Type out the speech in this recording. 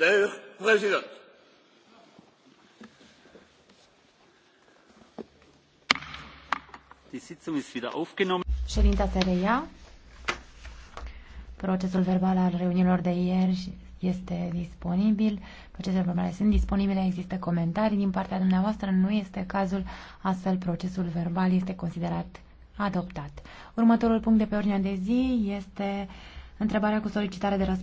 Der Präsident. Die Sitzung ist wieder aufgenommen. Ședința se reia. Procesul verbal al reuniunilor de ieri este disponibil. Procesele verbale sunt disponibile, există comentarii din partea dumneavoastră. Nu este cazul, astfel procesul verbal este considerat adoptat. Următorul punct de pe ordinea de zi este întrebarea cu solicitare de răspuns.